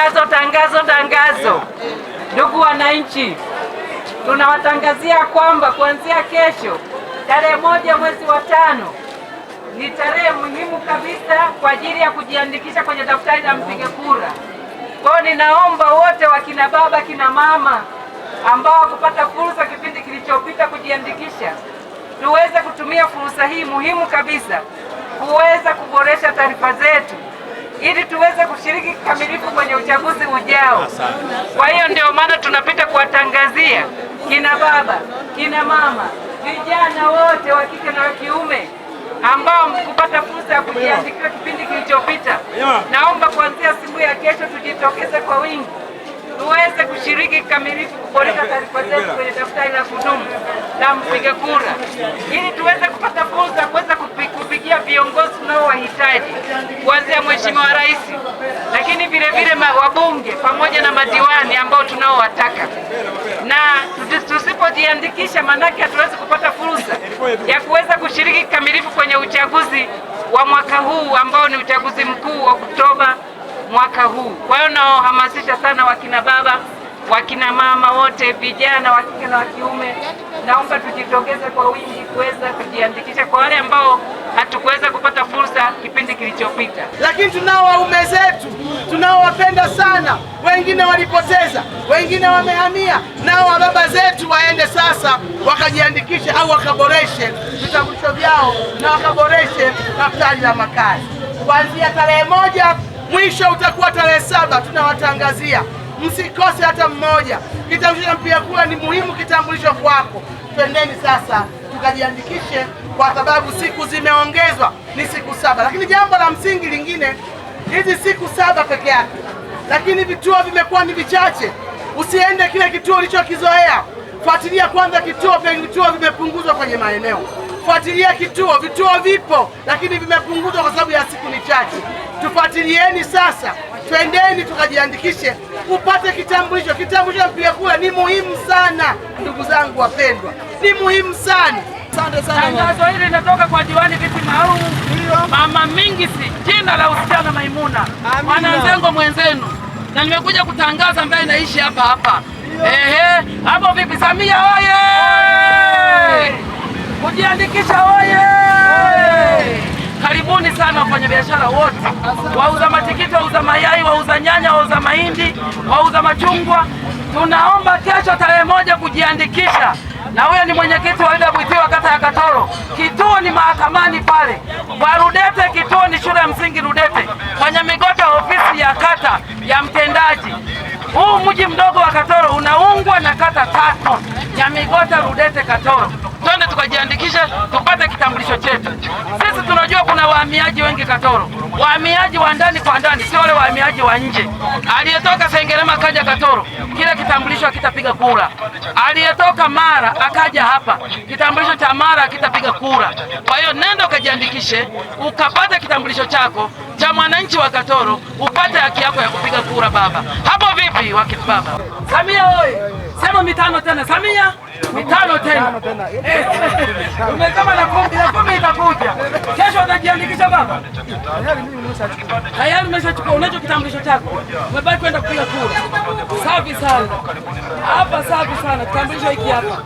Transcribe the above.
Tangazo, tangazo, tangazo! Ndugu wananchi, tunawatangazia kwamba kuanzia kesho tarehe moja mwezi wa tano ni tarehe muhimu kabisa kwa ajili ya kujiandikisha kwenye daftari la mpiga kura. kwao ninaomba wote wakina baba, kina mama ambao wakupata fursa kipindi kilichopita kujiandikisha, tuweze kutumia fursa hii muhimu kabisa kuweza kuboresha taarifa zetu ili tuweze kushiriki kikamilifu kwenye uchaguzi ujao. Kwa hiyo ndio maana tunapita kuwatangazia kina baba, kina mama, vijana wote wa kike na wa kiume ambao mkupata fursa ya kujiandikia kipindi kilichopita, naomba kuanzia siku ya kesho tujitokeze kwa wingi tuweze kushiriki kikamilifu kuboresha taarifa zetu kwenye daftari la kudumu la mpiga kura, ili tuweze kupata fursa kuweza kupigia viongozi tunaowahitaji kuanzia mheshimiwa rais, lakini vilevile vile wabunge pamoja na madiwani ambao tunaowataka, na tusipojiandikisha, maanake hatuwezi kupata fursa ya kuweza kushiriki kikamilifu kwenye uchaguzi wa mwaka huu ambao ni uchaguzi mkuu wa Oktoba mwaka huu. Kwa hiyo nawahamasisha sana wakina baba, wakina mama wote, vijana wa kike na wa kiume, naomba tujitokeze kwa wingi kuweza kujiandikisha kwa wale ambao hatukuweza kupata fursa kipindi kilichopita. Lakini tunao waume zetu tunaowapenda sana, wengine walipoteza, wengine wamehamia, nao wa baba zetu waende sasa wakajiandikishe au wakaboreshe vitambulisho vyao na wakaboreshe daftari la makazi kuanzia tarehe moja Mwisho utakuwa tarehe saba, tunawatangazia msikose hata mmoja. Kitambulisho pia mpiga ni muhimu, kitambulisho kwako. Twendeni sasa tukajiandikishe, kwa sababu siku zimeongezwa, ni siku saba. Lakini jambo la msingi lingine, hizi siku saba peke yake, lakini vituo vimekuwa ni vichache. Usiende kile kituo ulichokizoea, fuatilia kwanza kituo. vya vituo vimepunguzwa kwenye maeneo, fuatilia kituo. Vituo vipo, lakini vimepunguzwa kwa sababu ya siku ni chache. Tufuatilieni sasa, twendeni tukajiandikishe upate kitambulisho. Kitambulisho mpiga kura ni muhimu sana, ndugu zangu wapendwa, ni muhimu sana. Tangazo hili linatoka kwa diwani viti maalum Mama Mingisi, jina la usichana Maimuna, mwananzengo mwenzenu, na nimekuja kutangaza ambaye naishi hapa hapa. Ehe, hapo vipi? Samia oye! Kujiandikisha oye! Karibuni sana wafanyabiashara wote, wauza matikiti, wauza mayai, wauza nyanya, wauza mahindi, wauza machungwa. Tunaomba kesho tarehe moja kujiandikisha, na huyo ni mwenyekiti wa UWT wa kata ya Katoro. Kituo ni mahakamani pale kwa Rudete, kituo ni shule ya msingi Rudete, kwenye migota ofisi ya kata ya mtendaji. Huu mji mdogo wa Katoro unaungwa na kata tatu: migota Rudete, Katoro. Twende tukajiandikisha tupate kitambulisho chetu wahamiaji wengi Katoro, wahamiaji wa ndani kwa ndani, sio wale wahamiaji wa nje. Aliyetoka Sengerema akaja Katoro, kile kitambulisho akitapiga kura. Aliyetoka Mara akaja hapa, kitambulisho cha Mara akitapiga kura. Kwa hiyo nenda ukajiandikishe, ukapata kitambulisho chako cha mwananchi wa Katoro, upate haki yako ya kupiga kura baba hapo Mafi wake baba Samia oi, sema mitano tena Samia, mitano tena eh, umesema na kumi na kumi itakuja kesho. Utajiandikisha baba? Tayari umeshachukua, unacho kitambulisho chako, umebaki kwenda kupiga kura. Safi sana hapa, safi sana. Kitambulisho hiki hapa.